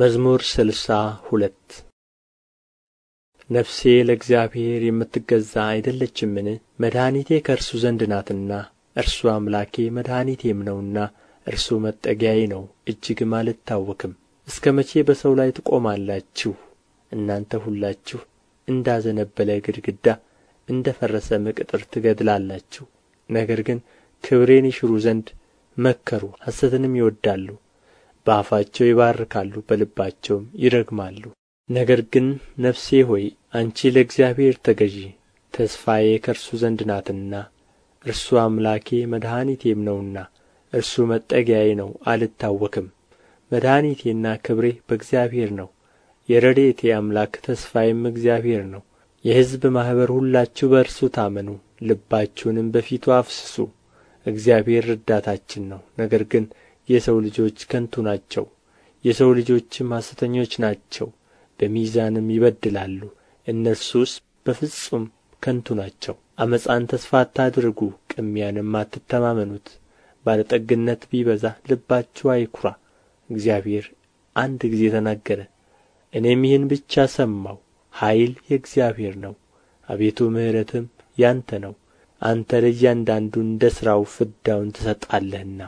መዝሙር ስልሳ ሁለት ነፍሴ ለእግዚአብሔር የምትገዛ አይደለችምን? መድኃኒቴ ከእርሱ ዘንድ ናትና፣ እርሱ አምላኬ መድኃኒቴም ነውና፣ እርሱ መጠጊያዬ ነው፣ እጅግም አልታወክም። እስከ መቼ በሰው ላይ ትቆማላችሁ? እናንተ ሁላችሁ እንዳዘነበለ ግድግዳ እንደ ፈረሰ ምቅጥር ትገድላላችሁ። ነገር ግን ክብሬን ይሽሩ ዘንድ መከሩ፣ ሐሰትንም ይወዳሉ። በአፋቸው ይባርካሉ በልባቸውም ይረግማሉ ነገር ግን ነፍሴ ሆይ አንቺ ለእግዚአብሔር ተገዢ ተስፋዬ ከእርሱ ዘንድ ናትና እርሱ አምላኬ መድኃኒቴም ነውና እርሱ መጠጊያዬ ነው አልታወክም መድኃኒቴና ክብሬ በእግዚአብሔር ነው የረድኤቴ አምላክ ተስፋዬም እግዚአብሔር ነው የሕዝብ ማኅበር ሁላችሁ በእርሱ ታመኑ ልባችሁንም በፊቱ አፍስሱ እግዚአብሔር ረዳታችን ነው ነገር ግን የሰው ልጆች ከንቱ ናቸው የሰው ልጆችም ሐሰተኞች ናቸው በሚዛንም ይበድላሉ እነርሱስ በፍጹም ከንቱ ናቸው ዓመፃን ተስፋ አታድርጉ ቅሚያንም አትተማመኑት ባለጠግነት ቢበዛ ልባችሁ አይኵራ እግዚአብሔር አንድ ጊዜ ተናገረ እኔም ይህን ብቻ ሰማሁ ኃይል የእግዚአብሔር ነው አቤቱ ምሕረትም ያንተ ነው አንተ ለእያንዳንዱ እንደ ሥራው ፍዳውን ትሰጣለህና